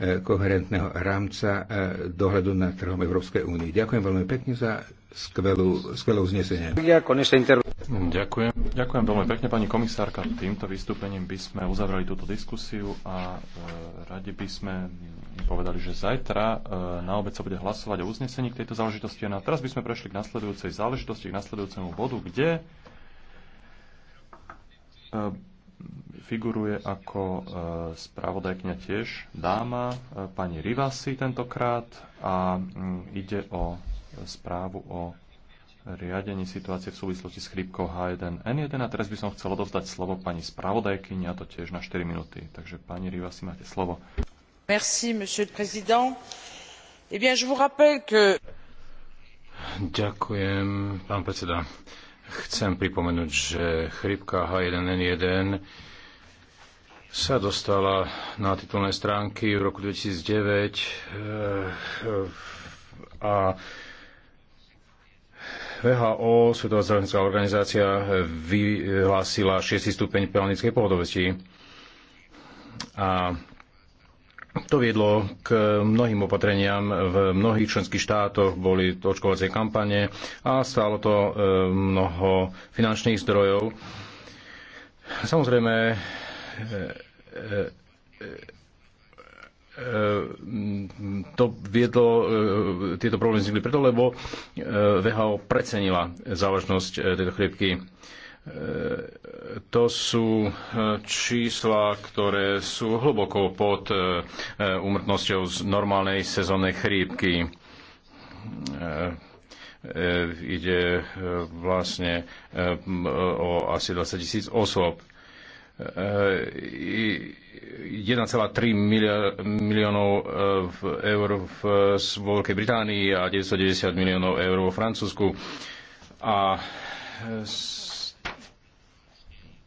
E, koherentného rámca e, dohľadu nad trhom Európskej únie. Ďakujem veľmi pekne za skvelú, skvelú uznesenie. Ďakujem. Ďakujem veľmi pekne, pani komisárka. Týmto vystúpením by sme uzavrali túto diskusiu a e, radi by sme povedali, že zajtra e, na obec sa bude hlasovať o uznesení k tejto záležitosti. No a teraz by sme prešli k nasledujúcej záležitosti, k nasledujúcemu bodu, kde e, figuruje ako e, spravodajkňa tiež dáma, e, pani Rivasi tentokrát a mm, ide o správu o riadení situácie v súvislosti s chrípkou H1N1 a teraz by som chcel odovzdať slovo pani spravodajkyni a to tiež na 4 minúty. Takže pani Rivasi, máte slovo. Merci, monsieur le président. Eh bien, je vous rappelle que... Ďakujem, pán predseda. Chcem pripomenúť, že chrípka H1N1 sa dostala na titulné stránky v roku 2009 eh, eh, a VHO, Svetová zdravotnícká organizácia, vyhlásila 6. stupeň pelnickej pohodovosti. A to viedlo k mnohým opatreniam. V mnohých členských štátoch boli očkovacie kampane a stálo to eh, mnoho finančných zdrojov. Samozrejme, to viedlo, e, tieto problémy vznikli preto, lebo e, VHO precenila závažnosť e, tejto chrípky. To sú čísla, ktoré sú hlboko pod úmrtnosťou z normálnej sezónnej chrípky. Ide vlastne o asi 20 tisíc osôb 1,3 eh, miliónov eh, eur v Veľkej Británii a 990 miliónov eur vo Francúzsku. A eh,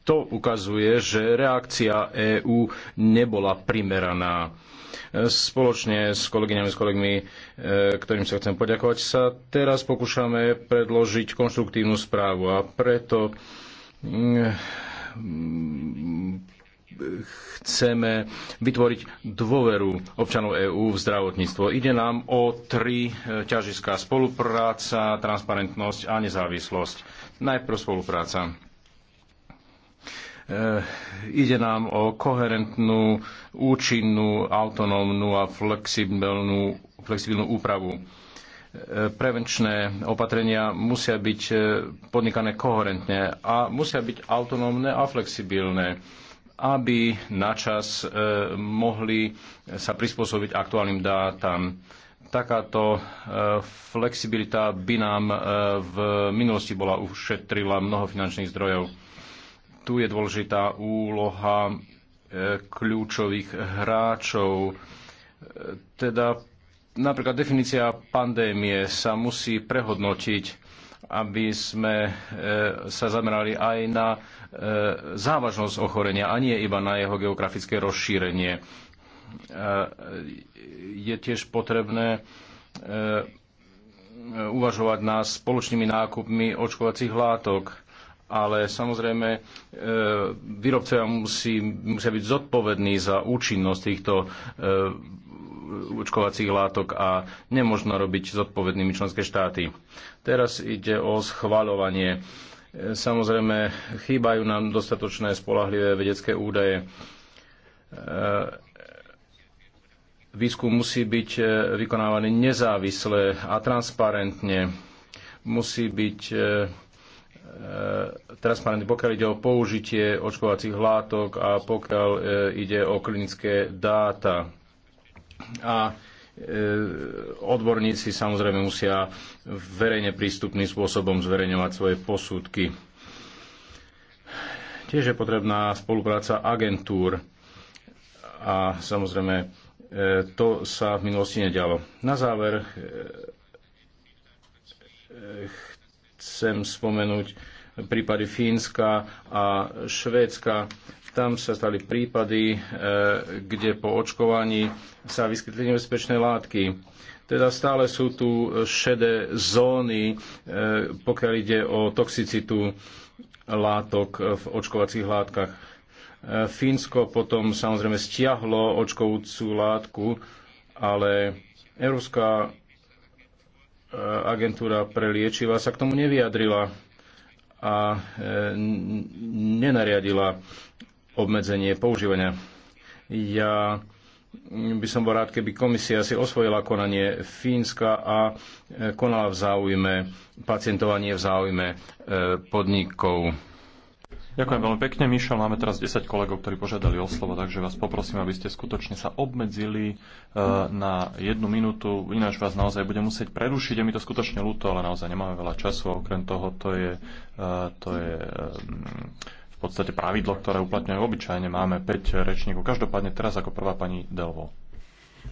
to ukazuje, že reakcia EÚ nebola primeraná. Spoločne s kolegyňami, s kolegmi, ktorým sa chcem poďakovať, sa teraz pokúšame predložiť konštruktívnu správu a preto mm, Mm, chceme vytvoriť dôveru občanov EÚ v zdravotníctvo. Ide nám o tri e, ťažiská spolupráca, transparentnosť a nezávislosť. Najprv spolupráca. E, ide nám o koherentnú, účinnú, autonómnu a flexibilnú, flexibilnú úpravu prevenčné opatrenia musia byť e, podnikané koherentne a musia byť autonómne a flexibilné aby načas e, mohli sa prispôsobiť aktuálnym dátam. Takáto e, flexibilita by nám v minulosti bola ušetrila mnoho finančných zdrojov. Tu je dôležitá úloha kľúčových hráčov, teda Napríklad definícia pandémie sa musí prehodnotiť, aby sme e, sa zamerali aj na e, závažnosť ochorenia a nie iba na jeho geografické rozšírenie. E, je tiež potrebné uvažovať nás spoločnými nákupmi očkovacích látok ale samozrejme e, výrobcovia musí, musia byť zodpovední za účinnosť týchto e, očkovacích látok a nemožno robiť zodpovednými členské štáty. Teraz ide o schvaľovanie. E, samozrejme, chýbajú nám dostatočné spolahlivé vedecké údaje. Výskum musí byť vykonávaný nezávisle a transparentne. Musí byť transparentný, pokiaľ ide o použitie očkovacích látok a pokiaľ e, ide o klinické dáta. A e, odborníci samozrejme musia verejne prístupným spôsobom zverejňovať svoje posúdky. Tiež je potrebná spolupráca agentúr a samozrejme e, to sa v minulosti nedialo. Na záver e, chcem spomenúť prípady Fínska a Švédska. Tam sa stali prípady, e, kde po očkovaní sa vyskytli nebezpečné látky. Teda stále sú tu šedé zóny, e, pokiaľ ide o toxicitu látok v očkovacích látkach. E, Fínsko potom samozrejme stiahlo očkovúcu látku, ale Európska agentúra pre liečiva sa k tomu nevyjadrila a e, nenariadila obmedzenie používania. Ja by som bol rád, keby komisia si osvojila konanie Fínska a e, konala v záujme pacientovanie v záujme e, podnikov. Ďakujem veľmi pekne, Mišo. Máme teraz 10 kolegov, ktorí požiadali o slovo, takže vás poprosím, aby ste skutočne sa obmedzili e, na jednu minútu, ináč vás naozaj budem musieť prerušiť. Je mi to skutočne ľúto, ale naozaj nemáme veľa času. Okrem toho, to je, e, to je e, v podstate pravidlo, ktoré uplatňujú obyčajne. Máme 5 rečníkov. Každopádne teraz ako prvá pani Delvo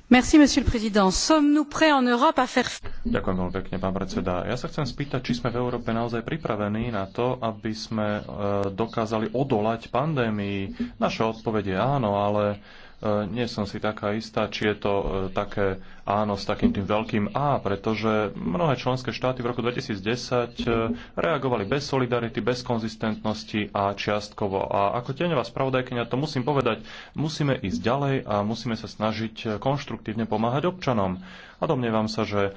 monsieur le président. Sommes-nous prêts en Europe à faire... Ďakujem veľmi pekne, pán predseda. Ja sa chcem spýtať, či sme v Európe naozaj pripravení na to, aby sme e, dokázali odolať pandémii. Naša odpoveď je áno, ale e, nie som si taká istá, či je to e, také áno s takým tým veľkým A, pretože mnohé členské štáty v roku 2010 e, reagovali bez solidarity, bez konzistentnosti a čiastkovo. A ako tieňová spravodajkynia to musím povedať, musíme ísť ďalej a musíme sa snažiť konštruktívne pomáhať občanom. A domnievam sa, že e,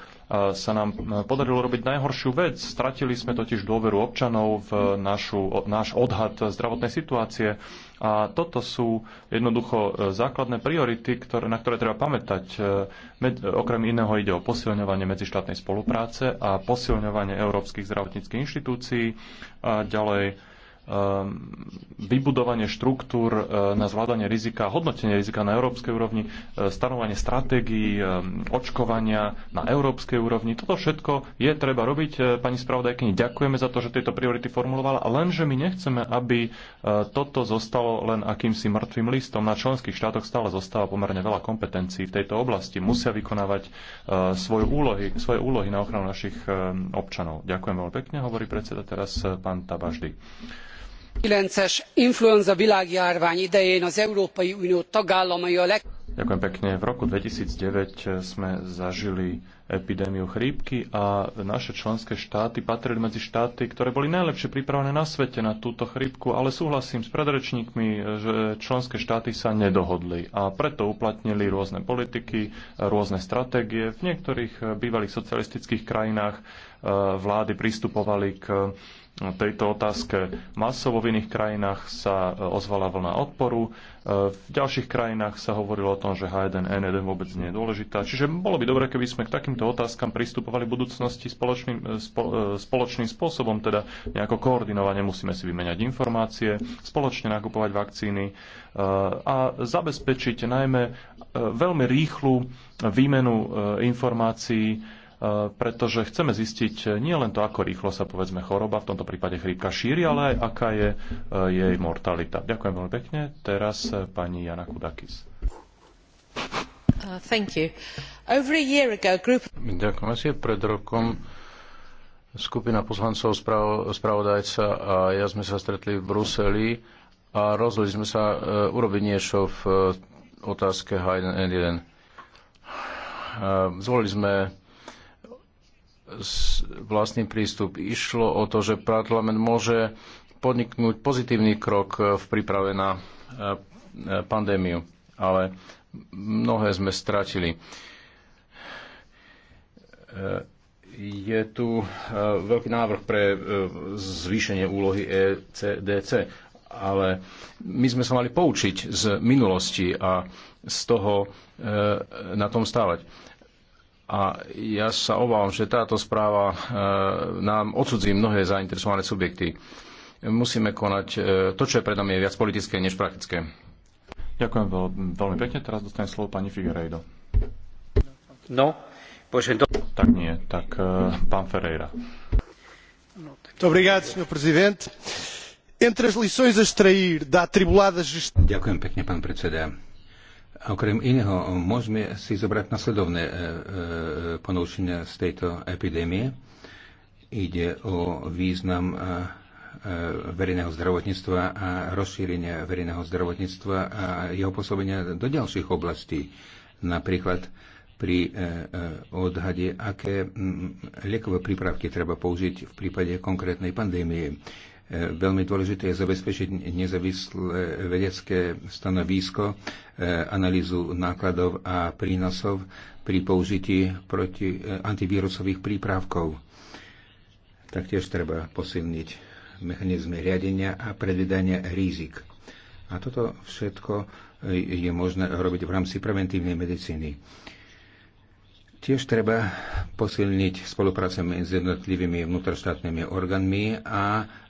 sa nám e, podarilo robiť najhoršiu vec. Stratili sme totiž dôveru občanov v našu, náš odhad zdravotnej situácie. A toto sú jednoducho základné priority, ktoré, na ktoré treba pamätať. E, okrem iného ide o posilňovanie medzištátnej spolupráce a posilňovanie európskych zdravotníckých inštitúcií a ďalej Ehm, vybudovanie štruktúr eh, na zvládanie rizika, hodnotenie rizika na európskej úrovni, eh, stanovanie stratégií, ehm, očkovania na európskej úrovni. Toto všetko je treba robiť. Eh, pani spravodajkyni, ďakujeme za to, že tieto priority formulovala, lenže my nechceme, aby toto zostalo len akýmsi mŕtvým listom. Na členských štátoch stále zostáva pomerne veľa kompetencií v tejto oblasti. Musia vykonávať svoje úlohy, svoje úlohy na ochranu našich ehm, občanov. Ďakujem veľmi pekne, hovorí predseda teraz pán Tabaždy es influenza világjárvány idején az Európai Unió tagállamai a leg... Ďakujem pekne. V roku 2009 sme zažili epidémiu chrípky a naše členské štáty patrili medzi štáty, ktoré boli najlepšie pripravené na svete na túto chrípku, ale súhlasím s predrečníkmi, že členské štáty sa nedohodli a preto uplatnili rôzne politiky, rôzne stratégie. V niektorých bývalých socialistických krajinách eh, vlády pristupovali k tejto otázke. Masovo v iných krajinách sa e, ozvala vlna odporu, e, v ďalších krajinách sa hovorilo o tom, že H1N1 vôbec nie je dôležitá. Čiže bolo by dobre, keby sme k takýmto otázkam pristupovali v budúcnosti spoločným, e, spoločným spôsobom, teda nejako koordinovane musíme si vymeniať informácie, spoločne nakupovať vakcíny a zabezpečiť najmä veľmi rýchlu výmenu informácií pretože chceme zistiť eh, nie len to, ako rýchlo sa povedzme choroba, v tomto prípade chrípka šíri, ale aj aká je eh, jej mortalita. Ďakujem veľmi pekne. Teraz eh, pani Jana Kudakis. Uh, Ďakujem si. Pred rokom skupina poslancov, spravodajca a ja sme sa stretli v Bruseli a rozhodli sme sa urobiť niečo v otázke H1N1. zvolili sme vlastný prístup. Išlo o to, že parlament môže podniknúť pozitívny krok v príprave na e, e, pandémiu, ale mnohé sme stratili. E, je tu veľký návrh pre zvýšenie úlohy ECDC, ale my sme sa mali poučiť z minulosti a z toho na tom stávať a ja sa obávam, že táto správa e, nám odsudzí mnohé zainteresované subjekty. Musíme konať. E, to, čo je pred nami, je viac politické než praktické. Ďakujem veľ, veľmi pekne. Teraz dostane slovo pani Figueiredo. No, pože do... Tak nie, tak e, pán Ferreira. Obrigado, senhor presidente. Entre as lições a extrair da atribulada gestão... Ďakujem pekne, pán predseda Okrem iného, môžeme si zobrať nasledovné e, e, ponúčenia z tejto epidémie. Ide o význam e, verejného zdravotníctva a rozšírenia verejného zdravotníctva a jeho pôsobenia do ďalších oblastí. Napríklad pri odhade, aké liekové prípravky treba použiť v prípade konkrétnej pandémie. E, veľmi dôležité je zabezpečiť nezávislé vedecké stanovisko, e, analýzu nákladov a prínosov pri použití proti e, antivírusových prípravkov. Taktiež treba posilniť mechanizmy riadenia a predvedania rizik. A toto všetko je možné robiť v rámci preventívnej medicíny. Tiež treba posilniť spoluprácu medzi jednotlivými vnútroštátnymi orgánmi a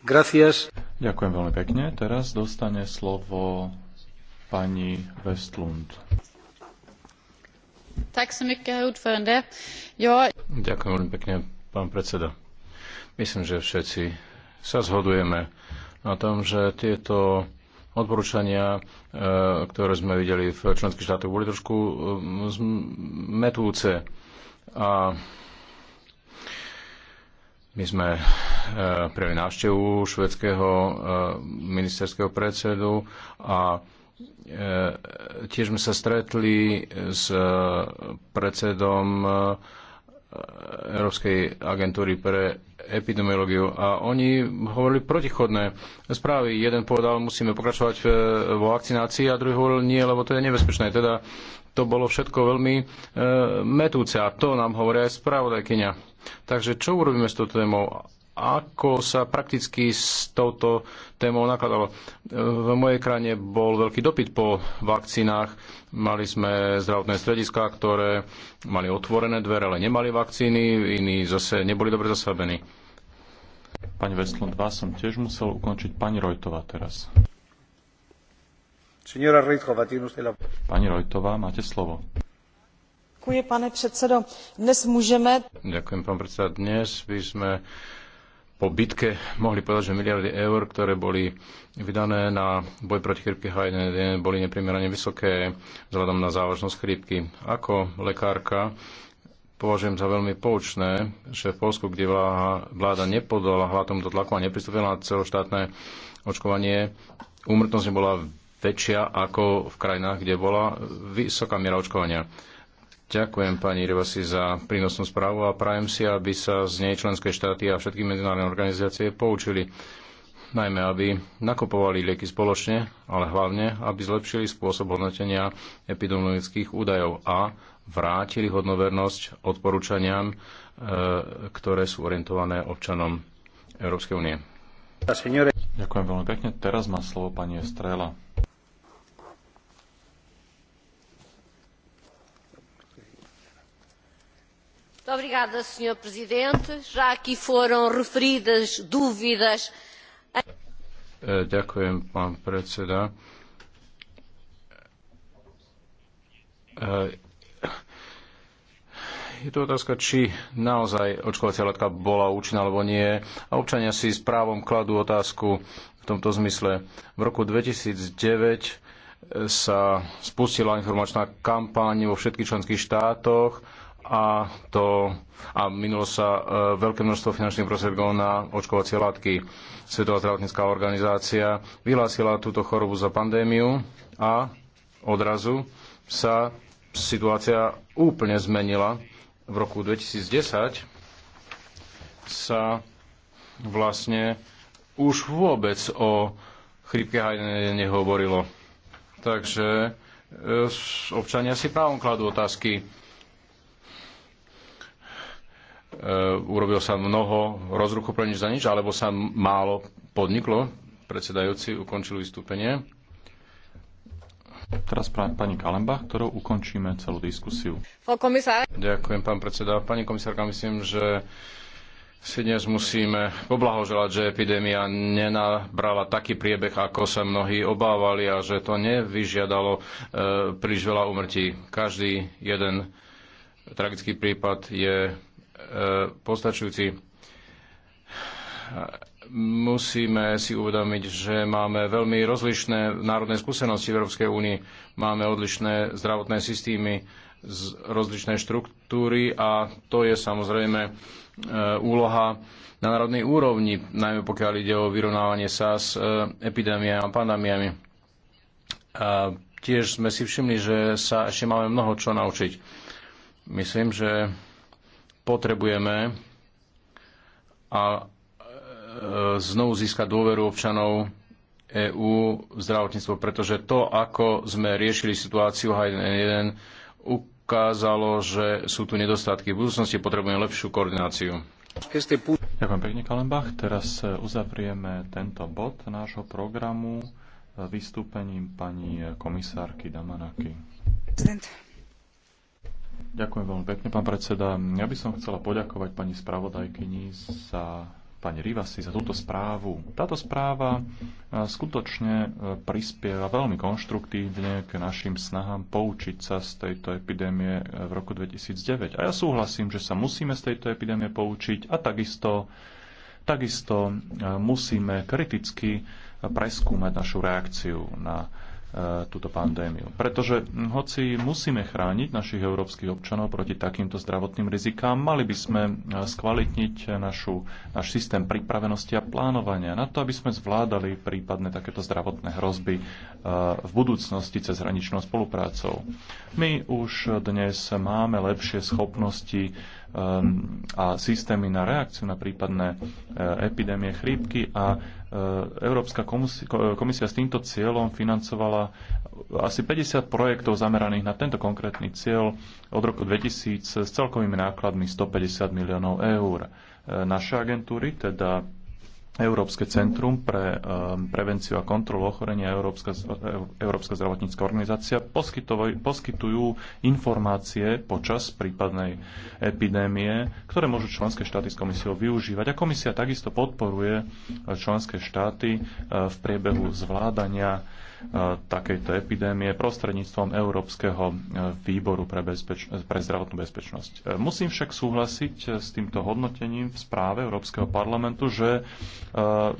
Gracias. Ďakujem veľmi pekne. Teraz dostane slovo pani Westlund. Ďakujem veľmi pekne, pán predseda. Myslím, že všetci sa zhodujeme na tom, že tieto odporúčania, e, ktoré sme videli v členských štátoch, boli trošku e, metúce. A my sme Eh, pre návštevu švedského eh, ministerského predsedu a eh, tiež sme sa stretli s predsedom Európskej agentúry pre epidemiológiu a oni hovorili protichodné správy. Jeden povedal, musíme pokračovať vo vakcinácii a druhý hovoril, nie, lebo to je nebezpečné. Teda to bolo všetko veľmi e, metúce a to nám hovorí aj spravodajkyňa. Takže čo urobíme s touto témou? ako sa prakticky s touto témou nakladalo. V mojej krajine bol veľký dopyt po vakcínach. Mali sme zdravotné strediská, ktoré mali otvorené dvere, ale nemali vakcíny, iní zase neboli dobre zasadení. Pani Veslund, vás som tiež musel ukončiť. Pani Rojtová teraz. Pani Rojtová, máte slovo. Ďakujem, pane predsedo. Dnes môžeme... Ďakujem, pán predseda. Dnes by sme po bitke mohli povedať, že miliardy eur, ktoré boli vydané na boj proti chrypke h 1 boli neprimerane vysoké vzhľadom na závažnosť chrypky. Ako lekárka považujem za veľmi poučné, že v Polsku, kde vláda nepodala hlatom do tlaku a nepristúpila na celoštátne očkovanie, úmrtnosť nebola väčšia ako v krajinách, kde bola vysoká miera očkovania. Ďakujem pani Rivasi za prínosnú správu a prajem si, aby sa z nej členské štáty a všetky medzinárodné organizácie poučili. Najmä, aby nakupovali lieky spoločne, ale hlavne, aby zlepšili spôsob hodnotenia epidemiologických údajov a vrátili hodnovernosť odporúčaniam, e, ktoré sú orientované občanom Európskej únie. Ďakujem veľmi pekne. Teraz má slovo pani Estrela. Obrigada, Sr. Presidente. Já aqui foram referidas dúvidas. Eh, ďakujem, pán predseda. Eh, je tu otázka, či naozaj očkovacia látka bola účinná alebo nie. A občania si s právom kladú otázku v tomto zmysle. V roku 2009 eh, sa spustila informačná kampaň vo všetkých členských štátoch a, to, a minulo sa e, veľké množstvo finančných prostriedkov na očkovacie látky. Svetová zdravotnícká organizácia vyhlásila túto chorobu za pandémiu a odrazu sa situácia úplne zmenila. V roku 2010 sa vlastne už vôbec o chrypke hajne nehovorilo. Takže e, občania si právom kladú otázky E, urobilo sa mnoho rozruchu pre nič za nič, alebo sa málo podniklo. Predsedajúci ukončil vystúpenie. Teraz pani Kalemba, ktorou ukončíme celú diskusiu. Ďakujem, pán predseda. Pani komisárka, myslím, že si dnes musíme poblahoželať, že epidémia nenabrala taký priebeh, ako sa mnohí obávali a že to nevyžiadalo e, príliš veľa umrtí. Každý jeden tragický prípad je E, postačujúci. Musíme si uvedomiť, že máme veľmi rozlišné národné skúsenosti v Európskej únii. Máme odlišné zdravotné systémy, rozličné štruktúry a to je samozrejme e, úloha na národnej úrovni, najmä pokiaľ ide o vyrovnávanie sa s e, epidémiami a pandémiami. A tiež sme si všimli, že sa ešte máme mnoho čo naučiť. Myslím, že potrebujeme a e, znovu získať dôveru občanov EÚ v zdravotníctvo, pretože to, ako sme riešili situáciu H1N1, ukázalo, že sú tu nedostatky. V budúcnosti potrebujeme lepšiu koordináciu. Ďakujem pekne, Kalembach. Teraz e, uzavrieme tento bod nášho programu e, vystúpením pani komisárky Damanaky. Prezident. Ďakujem veľmi pekne, pán predseda. Ja by som chcela poďakovať pani spravodajkyni za pani Rivasi za túto správu. Táto správa skutočne e, prispieva veľmi konštruktívne k našim snahám poučiť sa z tejto epidémie e, v roku 2009. A ja súhlasím, že sa musíme z tejto epidémie poučiť a takisto, takisto e, musíme kriticky preskúmať našu reakciu na Eh, túto pandémiu. Pretože hm, hoci musíme chrániť našich európskych občanov proti takýmto zdravotným rizikám, mali by sme eh, skvalitniť našu, náš systém pripravenosti a plánovania na to, aby sme zvládali prípadne takéto zdravotné hrozby eh, v budúcnosti cez hraničnou spoluprácou. My už dnes máme lepšie schopnosti Ehm, a systémy na reakciu na prípadné e, epidémie chrípky a e, Európska komisia s týmto cieľom financovala asi 50 projektov zameraných na tento konkrétny cieľ od roku 2000 s celkovými nákladmi 150 miliónov eur. E, naše agentúry, teda Európske centrum pre ehm, prevenciu a kontrolu ochorenia Európska, Európska zdravotnícka organizácia poskytujú informácie počas prípadnej epidémie, ktoré môžu členské štáty s komisiou využívať. A komisia takisto podporuje členské štáty ehm, v priebehu zvládania E, takejto epidémie prostredníctvom Európskeho e, výboru pre, bezpeč- pre zdravotnú bezpečnosť. E, musím však súhlasiť s týmto hodnotením v správe Európskeho parlamentu, že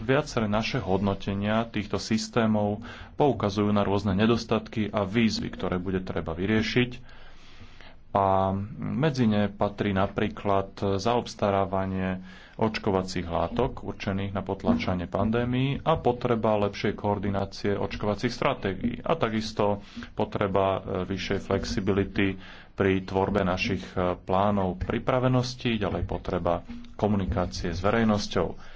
viaceré naše hodnotenia týchto systémov poukazujú na rôzne nedostatky a výzvy, ktoré bude treba vyriešiť a medzi ne patrí napríklad zaobstarávanie očkovacích látok určených na potlačanie pandémií a potreba lepšej koordinácie očkovacích stratégií a takisto potreba e, vyššej flexibility pri tvorbe našich e, plánov pripravenosti, ďalej potreba komunikácie s verejnosťou.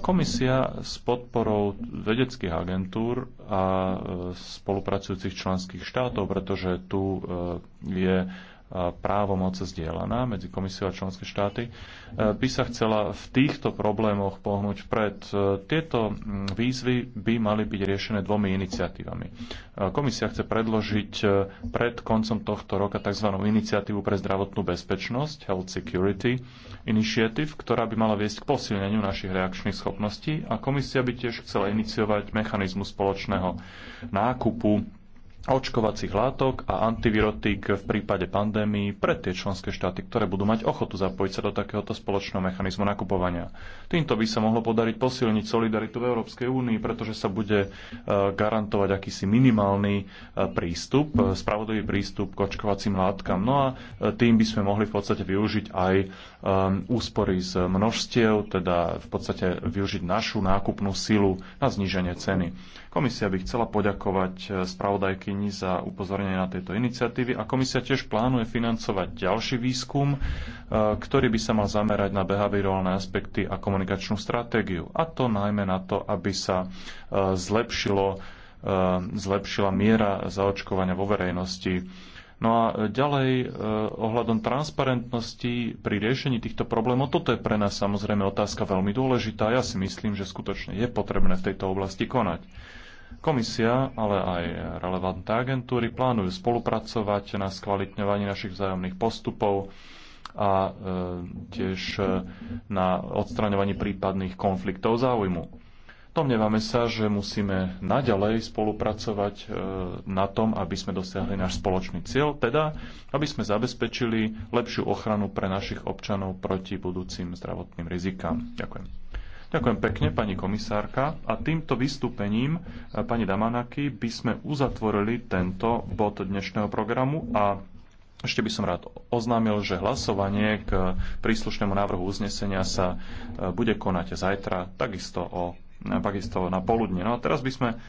Komisia s podporou vedeckých agentúr a e, spolupracujúcich členských štátov, pretože tu e, je právomoc zdieľaná medzi komisiou a členské štáty, e, by sa chcela v týchto problémoch pohnúť vpred. E, tieto výzvy by mali byť riešené dvomi iniciatívami. E, komisia chce predložiť pred koncom tohto roka tzv. iniciatívu pre zdravotnú bezpečnosť, Health Security Initiative, ktorá by mala viesť k posilneniu našich reakčných schopností a komisia by tiež chcela iniciovať mechanizmu spoločného nákupu očkovacích látok a antivirotík v prípade pandémii pre tie členské štáty, ktoré budú mať ochotu zapojiť sa do takéhoto spoločného mechanizmu nakupovania. Týmto by sa mohlo podariť posilniť solidaritu v Európskej únii, pretože sa bude e, garantovať akýsi minimálny e, prístup, e, spravodlivý prístup k očkovacím látkam. No a tým by sme mohli v podstate využiť aj úspory z množstiev, teda v podstate využiť našu nákupnú silu na zníženie ceny. Komisia by chcela poďakovať spravodajky spravodajkyni za upozornenie na tejto iniciatívy a komisia tiež plánuje financovať ďalší výskum, e, ktorý by sa mal zamerať na behaviorálne aspekty a komunikačnú stratégiu. A to najmä na to, aby sa e, zlepšilo, e, zlepšila miera zaočkovania vo verejnosti. No a ďalej ohľadom transparentnosti pri riešení týchto problémov, toto je pre nás samozrejme otázka veľmi dôležitá. Ja si myslím, že skutočne je potrebné v tejto oblasti konať. Komisia, ale aj relevantné agentúry plánujú spolupracovať na skvalitňovaní našich vzájomných postupov a e, tiež e, na odstraňovaní prípadných konfliktov záujmu. Domnievame sa, že musíme naďalej spolupracovať e, na tom, aby sme dosiahli náš spoločný cieľ, teda aby sme zabezpečili lepšiu ochranu pre našich občanov proti budúcim zdravotným rizikám. Ďakujem. Ďakujem pekne, pani komisárka. A týmto vystúpením e, pani Damanaky by sme uzatvorili tento bod dnešného programu a ešte by som rád oznámil, že hlasovanie k príslušnému návrhu uznesenia sa e, bude konať zajtra, takisto, o, e, takisto na poludne. No a teraz by sme